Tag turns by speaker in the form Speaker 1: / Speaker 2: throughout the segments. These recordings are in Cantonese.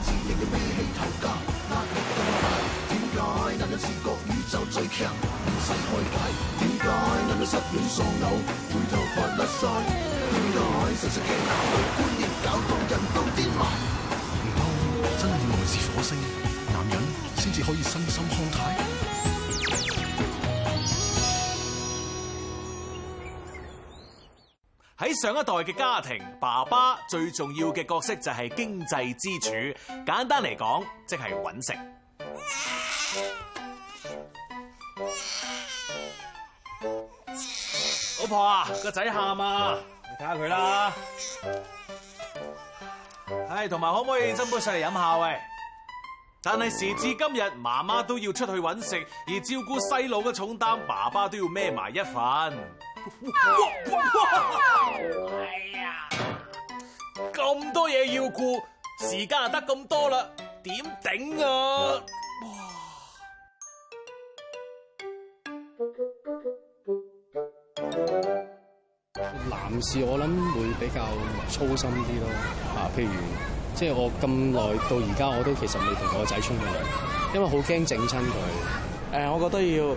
Speaker 1: 自認要咩起頭家，壓力咁大。點解男人自覺宇宙最強，唔使開解？點解男人失戀喪腦，回頭髮甩晒？點解成世嘅男女觀念搞到人都癲麻？
Speaker 2: 唔、哦、通真係要來自火星，男人先至可以身心康泰？上一代嘅家庭，爸爸最重要嘅角色就係經濟支柱，簡單嚟講即係搵食。老婆啊，個仔喊啊，你睇下佢啦。唉，同埋可唔可以斟杯水嚟飲下？喂，但係時至今日，媽媽都要出去搵食，而照顧細路嘅重擔，爸爸都要孭埋一份。 哇哇哇哎呀，咁多嘢要顧，時間又得咁多啦，點頂啊！
Speaker 3: 男士我諗會比較粗心啲咯，啊，譬如即係我咁耐到而家，我都其實未同我仔沖過，因為好驚整親佢。誒、呃，我覺得要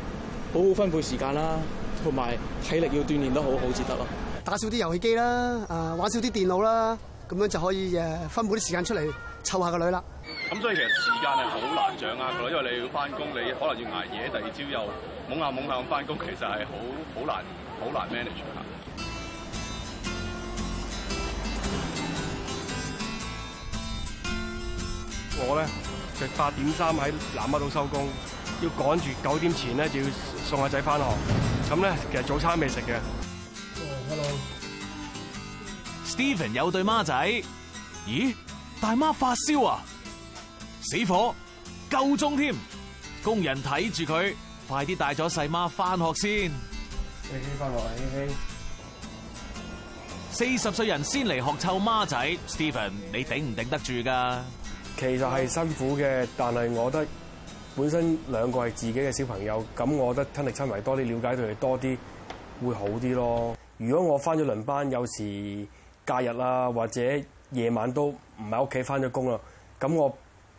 Speaker 3: 好好分配時間啦。同埋體力要鍛煉得好好至得咯，打少啲遊戲機啦，啊，玩少啲電腦啦，咁樣就可以誒分配啲時間出嚟湊下個女啦。
Speaker 2: 咁所以其實時間係好難掌握㗎，因為你要翻工，你可能要捱夜，第二朝又懵下懵下咁翻工，懶惰懶惰其實係好好難好難 manage 下。
Speaker 3: 我咧就八點三喺南丫度收工。要趕住九點前
Speaker 2: 咧，就要送阿仔翻學。咁咧，其實早餐未食嘅。Hello，Stephen 有對孖仔。咦，大媽發燒啊！死火，夠鐘添。工人睇住佢，快啲帶咗細媽翻學先。
Speaker 3: 翻學啊，希希！
Speaker 2: 四十歲人先嚟學湊孖仔，Stephen，hey. 你頂唔頂得住噶？其
Speaker 3: 實係辛苦嘅，但係我覺得。本身兩個係自己嘅小朋友，咁我覺得親力親為多啲了解佢哋多啲，會好啲咯。如果我翻咗輪班，有時假日啦或者夜晚都唔喺屋企，翻咗工啦，咁我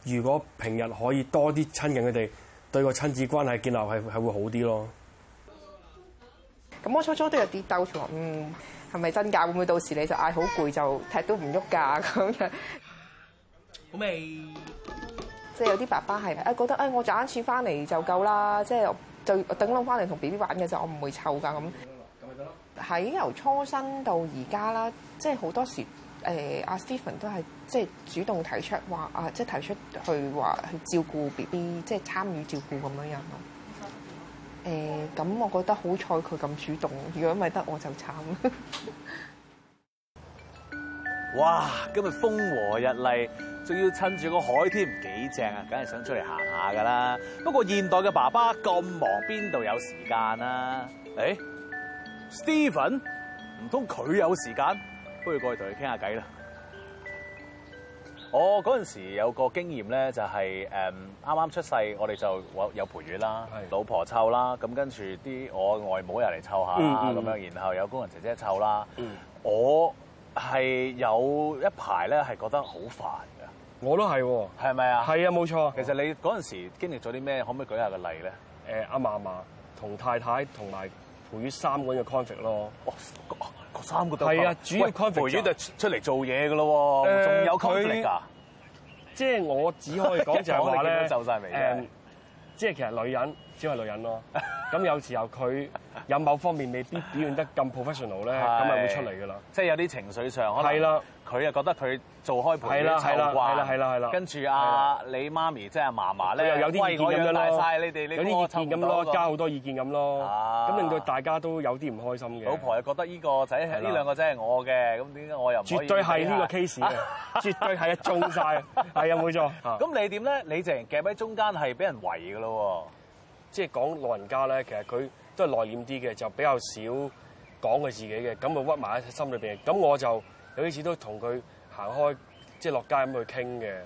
Speaker 3: 如果平日可以多啲親近佢哋，對個親子關係建立係係會好啲咯。咁我初初都有啲兜住，嗯，係咪真㗎？會唔會到時你就嗌好攰就踢都唔喐㗎咁樣？
Speaker 2: 好味。
Speaker 3: 即係有啲爸爸係啊，覺得誒我賺一次翻嚟就夠啦，即係就等攞翻嚟同 B B 玩嘅就我唔會湊㗎咁。喺由初生到而家啦，即係好多時誒阿 Stephen 都係即係主動提出話啊，即係提出去話去照顧 B B，即係參與照顧咁樣樣咯。誒，咁我覺得好彩佢咁主動，如果唔係，得我就慘。
Speaker 2: 哇！今日風和日麗。要趁住個海添幾正啊！梗係想出嚟行下噶啦。不過現代嘅爸爸咁忙，邊度有時間啊？誒、欸、Stephen 唔通佢有時間不如過去同佢傾下偈啦。我嗰陣時有個經驗咧，就係誒啱啱出世，我哋就有陪月啦，老婆湊啦，咁跟住啲我外母又嚟湊下咁樣，嗯嗯然後有工人姐姐湊啦。嗯、我係有一排咧，係覺得好煩。
Speaker 3: 我都係喎，係咪啊？係啊，冇錯。
Speaker 2: 其實你嗰陣時經歷咗啲咩？可唔可以舉下個例咧？誒、呃，阿嫲
Speaker 3: 嫲同太太同埋培於三個人嘅 conflict 咯、哦。哇，三個都係啊，主要 conflict。培於就
Speaker 2: 出嚟做嘢㗎咯喎。仲、呃、有 conflict 㗎？即
Speaker 3: 係我只可以講就係晒咧，誒、 嗯，即係其實女人。只係女人咯，咁有時候佢有某方面未必表現得咁 professional 咧，咁 咪會出嚟噶
Speaker 2: 啦，即係有啲情緒上可能係啦，佢又覺得佢做開盤嘅錯係啦，係啦，係啦，係啦，跟住啊，你媽咪即係嫲嫲咧，又有啲意見咁，你哋有啲意見咁咯，加好多意
Speaker 3: 見咁咯，咁令到大家都有啲唔開心嘅。老婆
Speaker 2: 又覺得呢個仔係呢兩個仔係我嘅，咁點解我又唔？絕對係呢個 case 嘅， 絕對係做晒！係啊，冇錯。咁 你點咧？你淨係夾喺中間係俾人圍噶咯。即係講老
Speaker 3: 人家咧，其實佢都係內斂啲嘅，就比較少講佢自己嘅，咁就屈埋喺心裏邊。咁我就有啲次都同佢行開，即係落街咁去傾嘅。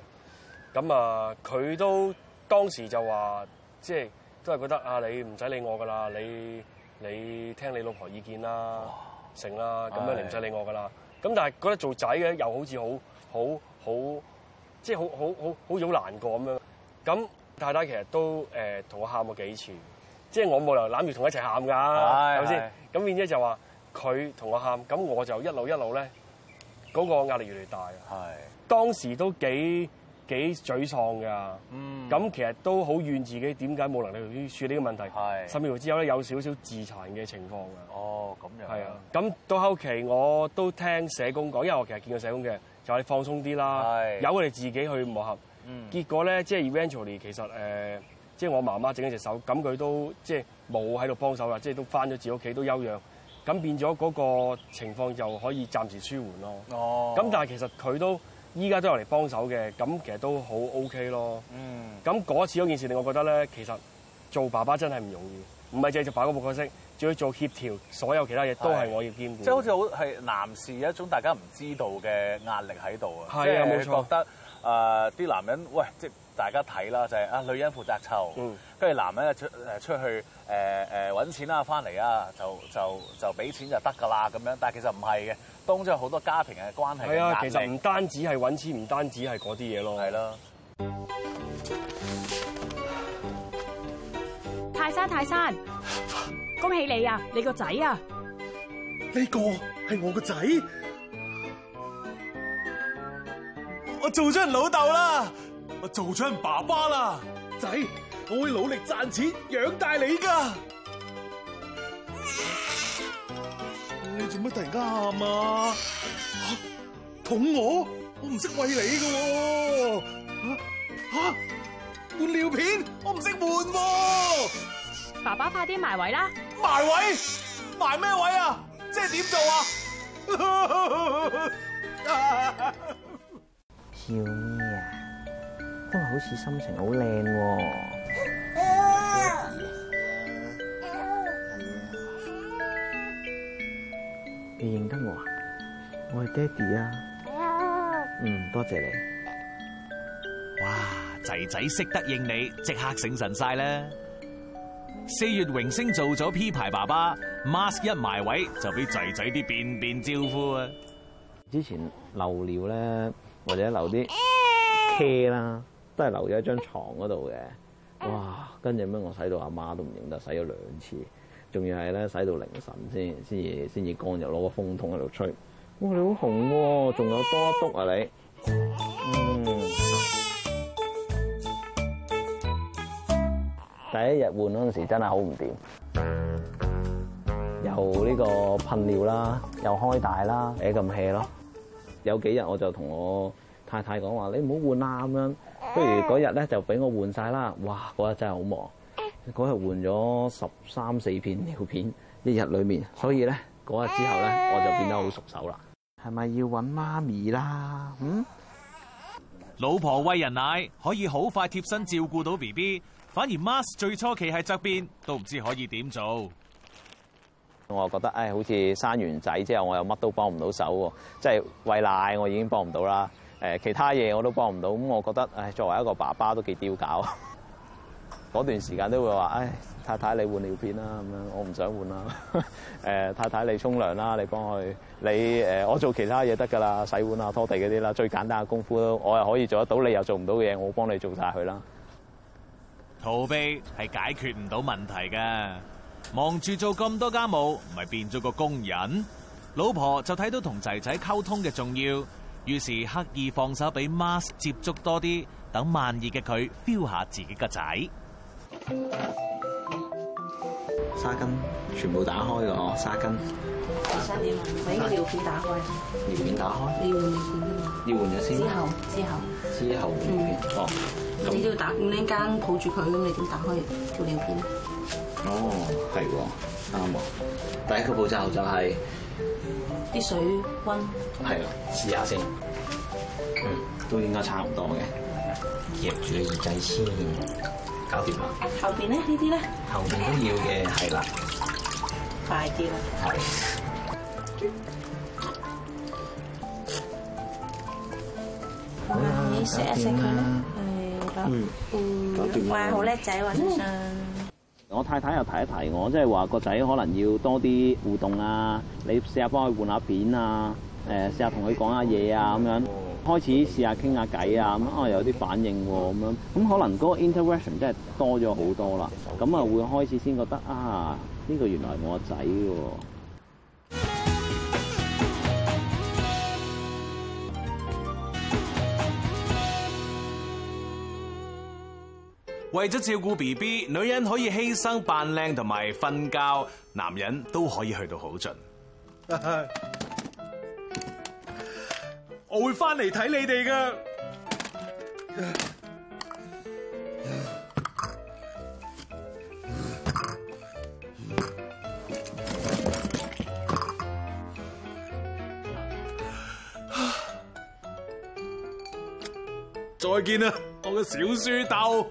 Speaker 3: 咁啊，佢都當時就話，即係都係覺得啊，你唔使理我㗎啦，你你聽你老婆意見啦，成啦，哦，咁樣你唔使理我㗎啦。咁但係覺得做仔嘅又好似好好好，即係好好好好難過咁樣。咁太太其實都誒同、呃、我喊過幾次，即係我冇理由攬住同佢一齊喊噶，係咪先？咁變咗就話佢同我喊，咁我就一路一路咧嗰，那個壓力越嚟越大。係當時都幾幾沮喪噶，咁、嗯、其實都好怨自己點解冇能力去處理呢個問題。甚至乎之後咧有少少自殘嘅情況啊。哦，咁樣係啊。咁到後期我都聽社工講，因為我其實見過社工嘅，就話你放鬆啲啦，由佢哋自己去磨合。結果咧，即係 eventually 其實、呃、即係我媽媽整隻手，咁佢都即係冇喺度幫手啦，即係都翻咗自己屋企都休養，咁變咗嗰個情況就可以暫時舒緩咯。哦，咁但係其實佢都依家都有嚟幫手嘅，咁其實都好 OK 咯。嗯，咁嗰次嗰件事令我覺得咧，其實做爸爸真係唔容易，唔係淨係做爸嗰個角色，仲要做協調所有其他嘢，都係我要兼顧。即係好似好
Speaker 2: 係男士有一種大家唔知道嘅壓力喺度啊，即係覺得。啊、呃！啲男人喂，即大家睇啦，就係啊，女人負責湊，跟、嗯、住男人出誒出去誒誒揾錢啦，翻嚟啊，就就就俾錢就得㗎啦咁樣。但係其實唔係嘅，當中好多家庭嘅關係。係啊，其實唔
Speaker 3: 單止係揾錢，唔單止係嗰啲嘢咯。係啦。
Speaker 2: 泰山，泰山，恭喜你啊！你啊個仔啊！呢個係我個仔。.我做咗人老豆啦，我做咗人爸爸啦，仔，我會努力賺錢養大你㗎。你做乜突然間喊啊？捅、啊、我？我唔識餵你㗎、啊。吓、啊、吓，換、啊、尿片？我唔識換。爸爸快啲埋位啦！埋位？埋咩位啊？即係點做啊？
Speaker 1: 叫咩啊，今日好似心情好靚
Speaker 2: 喎。
Speaker 1: 你認得我啊？我係爹哋啊。嗯，多謝你。
Speaker 2: 哇，仔仔識得應你，即刻醒神晒啦！四月榮升做咗 P 牌爸爸，mask 一埋位就俾仔仔啲便便招
Speaker 1: 呼啊！之前漏尿咧。或者留啲 hea 啦，都係留咗一張床嗰度嘅。哇！跟住咩？我洗到阿媽，媽都唔認得，洗咗兩次，仲要係咧洗到凌晨先，先至先至乾，又攞個風筒喺度吹。哇！你好紅喎，哦，仲有多篤啊你。嗯。第一日換嗰陣時真係好唔掂，又呢個噴尿啦，又開大啦，誒咁 hea 咯。有幾日我就同我太太講話，你唔好換啦咁樣。不如嗰日咧就俾我換晒啦。哇，嗰日真係好忙，嗰日換咗十三四片尿片，一日裡面。所以咧，嗰日之後咧，我就變得好熟手啦。係咪要揾媽咪啦？嗯，老婆餵
Speaker 2: 人奶可以好快貼身照顧到 BB，反而 Mask 最初企喺側邊都唔知道可以點做。
Speaker 1: 我覺得誒、哎，好似生完仔之後，我又乜都幫唔到手喎，即係餵奶我已經幫唔到啦，誒其他嘢我都幫唔到，咁我覺得誒、哎，作為一個爸爸都幾丟搞，嗰 段時間都會話，誒、哎、太太你換尿片啦，咁樣我唔想換啦，誒 太太你沖涼啦，你幫佢，你誒我做其他嘢得噶啦，洗碗啊拖地嗰啲啦，最簡單嘅功夫都我又可以做得到，你又做唔到嘅嘢，我幫你做晒佢啦。
Speaker 2: 逃避係解決唔到問題㗎。忙住做咁多家務，唔係變咗個工人。老婆就睇到同仔仔溝通嘅重要，於是刻意放手俾 Mask 接觸多啲，等萬二嘅佢 feel 下自己個仔。
Speaker 1: 沙巾全部打開嘅哦，沙巾。三點啊，俾尿片打開。尿片打開。要尿片添啊。要換咗先。之後之後。之後。嗯。哦。你都要打，你間抱住佢，咁你點打開條尿片？哦，係喎，啱喎。第一個步驟就係啲水溫，係咯，試下先。嗯，都應該差唔多嘅，夾住佢耳仔先，搞掂啦。後邊咧呢啲咧？後邊都要嘅，係啦，快啲啦。快。你錫一錫佢咧，係咯，嗯，搞掂啦，好叻仔喎，呢～我太太又提一提我，即係話個仔可能要多啲互動啊，你試下幫佢換下片啊，誒，試下同佢講下嘢啊咁樣，開始試下傾下偈啊，咁啊有啲反應喎，咁樣，咁可能嗰個 interaction 真係多咗好多啦，咁啊會開始先覺得啊，呢個原來我仔喎。
Speaker 2: 為咗照顧 BB，女人可以犧牲扮靚同埋瞓覺，男人都可以去到好盡。我會翻嚟睇你哋㗎。再見啦，我嘅小書豆。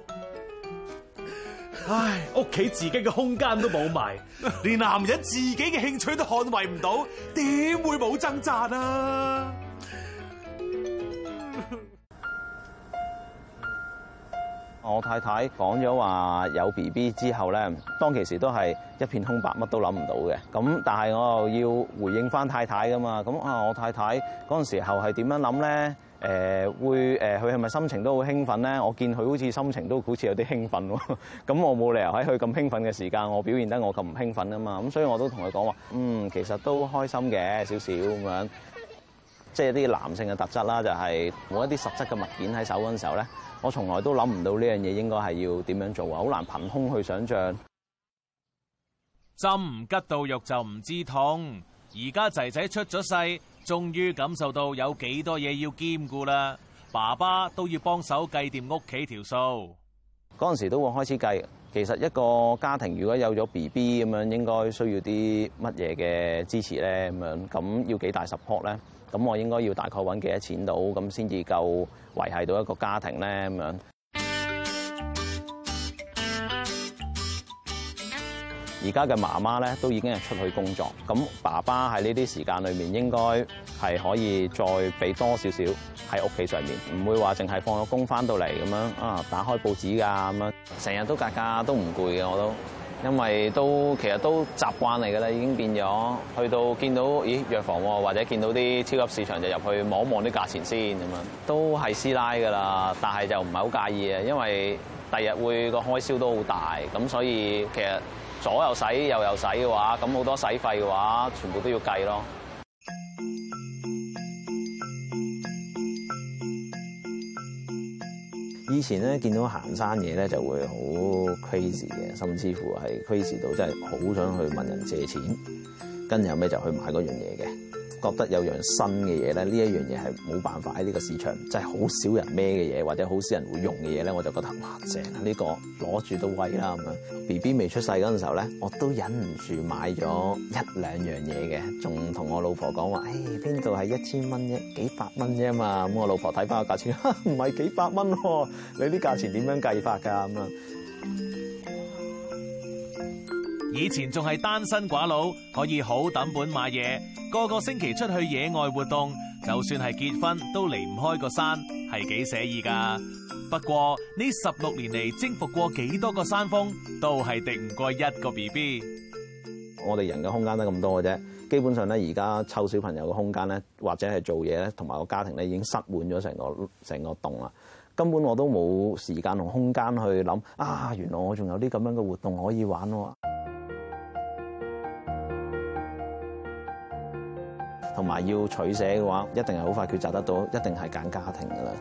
Speaker 2: 唉，屋企自己嘅空間都冇埋，連男人自己嘅興趣都捍衞唔到，點會冇掙扎啊！
Speaker 1: 我太太講咗話有 BB 之後咧，當其時都係一片空白，乜都諗唔到嘅。咁但係我又要回應返太太㗎嘛。咁啊，我太太嗰陣時候係點樣諗咧？誒、呃、會誒，佢係咪心情都好興奮咧？ 我見佢好似心情都好似有啲興奮喎。咁我冇理由喺佢咁興奮嘅時間，我表現得我咁唔興奮啊嘛。咁所以我都同佢講話，嗯，其實都開心嘅少少咁樣。即係啲男性嘅特質啦，就係、是、冇一啲實質嘅物件喺手嗰陣時候咧，我從來都諗唔到呢樣嘢應該係要點樣做啊！好難憑空去想像。
Speaker 2: 針唔吉到肉就唔知痛，而家仔仔出咗世。終於感受到有幾多嘢要兼顧啦，爸爸都要幫手計掂屋企條數。嗰
Speaker 1: 陣時都會開始計。其實一個家庭如果有咗 B B 咁樣，應該需要啲乜嘢嘅支持咧？咁樣咁要幾大十 u p 咧？咁我應該要大概揾幾多錢到咁先至夠維係到一個家庭咧？咁樣。而家嘅媽媽咧，都已經係出去工作，咁爸爸喺呢啲時間裏面應該係可以再俾多少少喺屋企上面，唔會話淨係放咗工翻到嚟咁樣啊，打開報紙㗎咁樣，成日都格價都唔攰嘅我都，因為都其實都習慣嚟㗎啦，已經變咗去到見到咦藥房、啊、或者見到啲超級市場就入去望一望啲價錢先咁樣。都係師奶㗎啦，但係就唔係好介意啊，因為第日會個開銷都好大咁，所以其實。左又洗右又洗嘅話，咁好多洗費嘅話，全部都要計咯。以前咧見到行山嘢咧，就會好 crazy 嘅，甚至乎係 crazy 到真係好想去問人借錢，跟住後尾就去買嗰樣嘢嘅。覺得有樣新嘅嘢咧，呢一樣嘢係冇辦法喺呢個市場，真係好少人孭嘅嘢，或者好少人會用嘅嘢咧，我就覺得哇正啊！呢個攞住都威啦咁樣。B B 未出世嗰陣時候咧，我都忍唔住買咗一兩樣嘢嘅，仲同我老婆講話，誒邊度係一千蚊啫，幾百蚊啫嘛。咁我老婆睇返個價錢，唔係幾百蚊喎，你啲價錢點樣計法㗎咁樣？
Speaker 2: 以前仲係單身寡佬，可以好揼本買嘢。個個星期出去野外活動，就算係結婚都離唔開個山，係幾寫意噶。不過呢十六年嚟征服過幾多個山峰，都係敵唔過一個 BB。
Speaker 1: 我哋人嘅空間得咁多嘅啫，基本上咧而家湊小朋友嘅空間咧，或者係做嘢咧，同埋個家庭咧，已經塞滿咗成個成個洞啦。根本我都冇時間同空間去諗啊，原來我仲有啲咁樣嘅活動可以玩喎。同埋要取捨嘅話，一定係好快抉擇得到，一定係揀家庭㗎啦。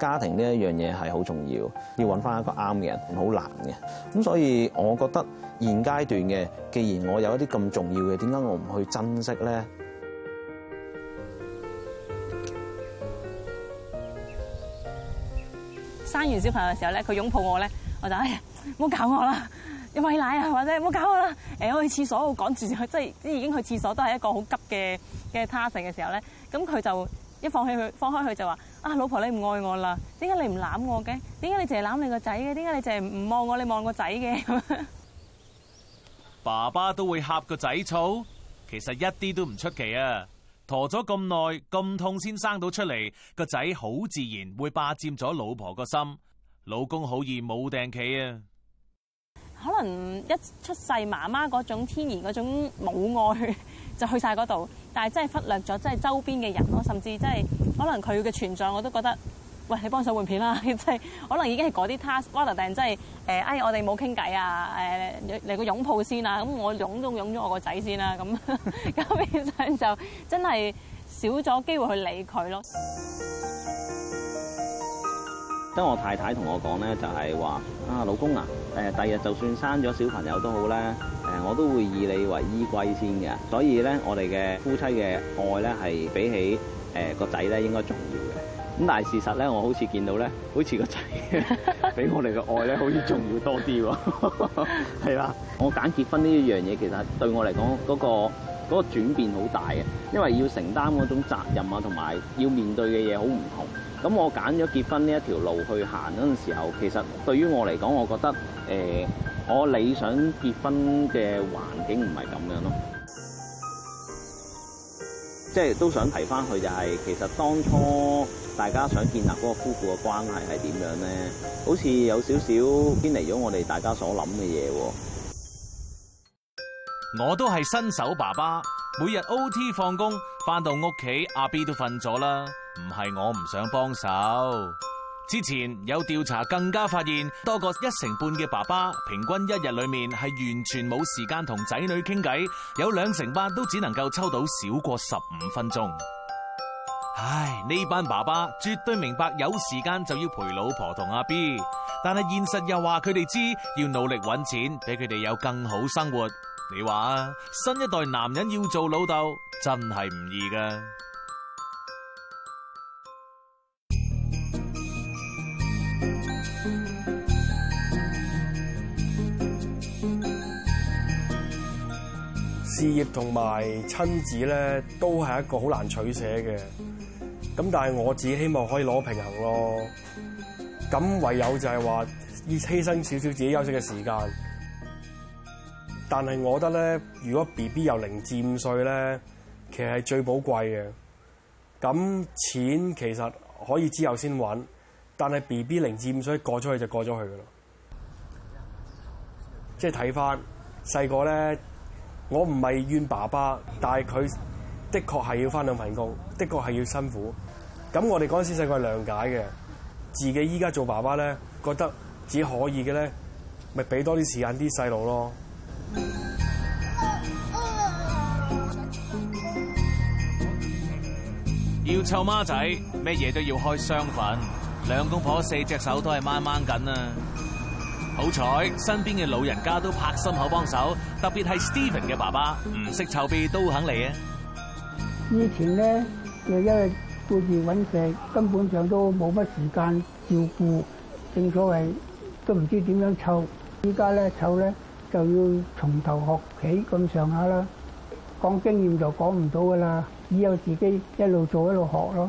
Speaker 1: 家庭呢一樣嘢係好重要，要揾翻一個啱嘅人，好難嘅咁。所以我覺得現階段嘅，既然我有一啲咁重要嘅，點解我唔去珍惜咧？生完小朋友嘅時候咧，佢擁抱我咧，我就哎呀，唔好搞我啦，要餵奶啊，或者唔好搞我啦。誒，我去廁所，我趕住去，即係已經去廁所都係一個好急嘅。嘅他性嘅時候咧，咁佢就一放棄佢放開佢就話啊，老婆你唔愛我啦？點解你唔攬我嘅？點解你淨係攬你個仔嘅？點解你淨係唔望我？你望個仔嘅
Speaker 2: 爸爸，都會恰個仔醋，其實一啲都唔出奇啊！陀咗咁耐咁痛，先生到出嚟個仔，好自然會霸佔咗老婆個心，老公好易冇掟企啊！
Speaker 1: 可能一出世，媽媽嗰種天然嗰種母愛。就去晒嗰度，但係真係忽略咗真係周邊嘅人咯，甚至真係可能佢嘅存在我都覺得，喂，你幫手換片啦，即係可能已經係嗰啲 task water 但係真係誒，哎我哋冇傾偈啊，誒嚟個擁抱先啊，咁我擁都擁咗我個仔先啦，咁咁變相就真係少咗機會去理佢咯。得我太太同我講咧，就係話啊，老公啊，誒，第日就算生咗小朋友都好咧，誒，我都會以你為依歸先嘅。所以咧，我哋嘅夫妻嘅愛咧，係比起誒個仔咧，應該重要嘅。咁但係事實咧，我好似見到咧，好似個仔俾我哋嘅愛咧，好似重要多啲喎。係啦，我揀結婚呢一樣嘢，其實對我嚟講，嗰個嗰個轉變好大嘅，因為要承擔嗰種責任啊，同埋要面對嘅嘢好唔同。咁我揀咗結婚呢一條路去行嗰陣時候，其實對於我嚟講，我覺得誒、呃，我理想結婚嘅環境唔係咁樣咯。即係都想提翻佢，就係其實當初大家想建立嗰個夫婦嘅關係係點樣咧？好似有少少偏離咗我哋大家所諗嘅嘢喎。
Speaker 2: 我都係新手爸爸，每日 OT 放工，翻到屋企阿 B 都瞓咗啦。唔係我唔想幫手。之前有調查，更加發現多過一成半嘅爸爸，平均一日裏面係完全冇時間同仔女傾偈。有兩成班都只能夠抽到少過十五分鐘。唉，呢班爸爸絕對明白有時間就要陪老婆同阿 B，但係現實又話佢哋知要努力搵錢，俾佢哋有更好生活。你話啊，新一代男人要做老豆，真係唔易噶。
Speaker 3: 事業同埋親子咧，都係一個好難取捨嘅。咁但係我自己希望可以攞平衡咯。咁唯有就係話要犧牲少少自己休息嘅時間。但係我覺得咧，如果 BB 由零至五歲咧，其實係最寶貴嘅。咁錢其實可以之後先揾，但係 BB 零至五歲過咗去就過咗去噶啦。即係睇翻細個咧。我唔係怨爸爸，但係佢的確係要返兩份工，的確係要辛苦。咁我哋嗰陣時細個係諒解嘅，自己依家做爸爸咧，覺得自己可以嘅咧，咪俾多啲時間啲細路咯。
Speaker 2: 要湊孖仔，咩嘢都要開雙份，兩公婆四隻手都係掹掹緊啊！好彩身邊嘅老人家都拍心口幫手，特別係 Stephen 嘅爸爸，唔識湊 B 都肯嚟啊！以前咧，就因為顧住搵食，根本上都冇乜時間照顧，正所謂都唔知點樣湊。依家咧湊咧就要從頭學起咁上下啦，講經驗就講唔到噶啦，只有自己
Speaker 1: 一路做一路學咯。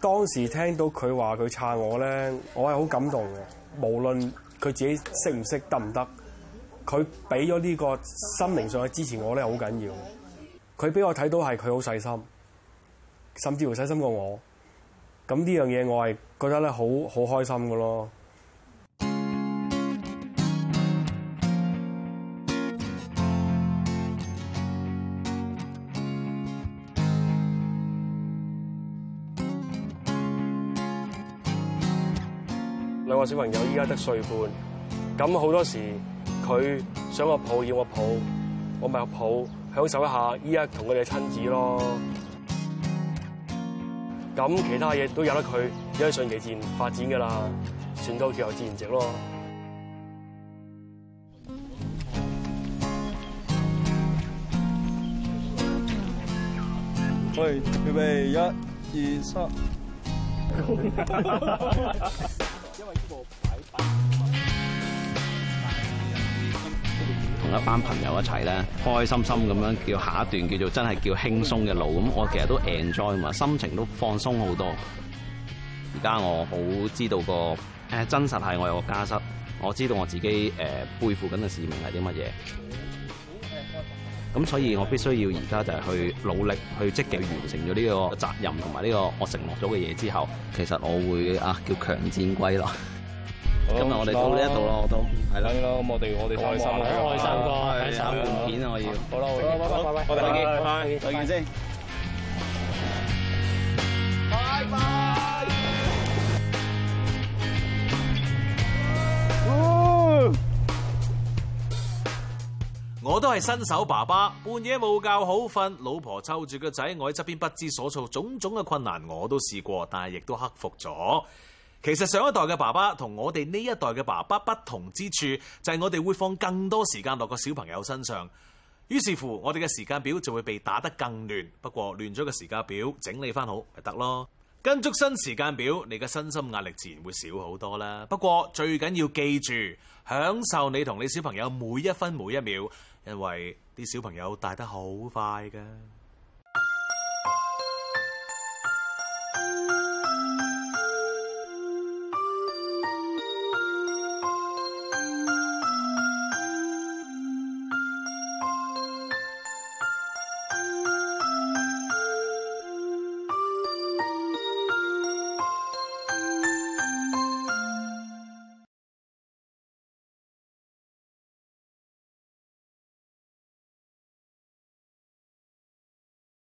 Speaker 3: 當時聽到佢話佢撐我咧，我係好感動嘅。無論佢自己識唔識得唔得，佢俾咗呢個心靈上嘅支持我咧，好緊要。佢俾我睇到係佢好細心，甚至乎細心過我。咁呢樣嘢我係覺得咧，好好開心㗎囉。小朋友依家得歲半，咁好多時佢想我抱要我抱，我咪抱，享受一下依家同佢哋嘅親子咯。咁其他嘢都有得佢，依家順其自然發展噶啦，船到橋頭自然直咯。
Speaker 2: 喂，預備，一、二、三。
Speaker 1: 同一班朋友一齊咧，開開心心咁樣，叫下一段叫做真係叫輕鬆嘅路。咁我其實都 enjoy 嘛，心情都放鬆好多。而家我好知道個誒真實係我有個家室，我知道我自己誒、呃、背負緊嘅使命係啲乜嘢。咁所以我必須要而家就係去努力去積極完成咗呢個責任同埋呢個我承諾咗嘅嘢之後，其實我會啊叫強戰歸來。今日我哋到呢一度咯，我都係
Speaker 3: 咯。我哋我哋好開心啊！開心啊！睇產片啊！我要好啦，好，好拜拜，好拜，拜，拜拜，拜拜，拜拜，拜，拜，拜，拜，
Speaker 1: 再見
Speaker 2: 拜拜，拜拜，拜拜拜拜。我都係新手爸爸，半夜冇覺好瞓， 老婆湊住個仔，我喺側邊不知所措，種種嘅困難我都試過，但係亦都克服咗。其實上一代嘅爸爸同我哋呢一代嘅爸爸不同之處，就係我哋會放更多時間落個小朋友身上。於是乎，我哋嘅時間表就會被打得更亂。不過亂咗個時間表整理翻好咪得咯。跟足新時間表，你嘅身心壓力自然會少好多啦。不過最緊要記住，享受你同你小朋友每一分每一秒，因為啲小朋友大得好快㗎。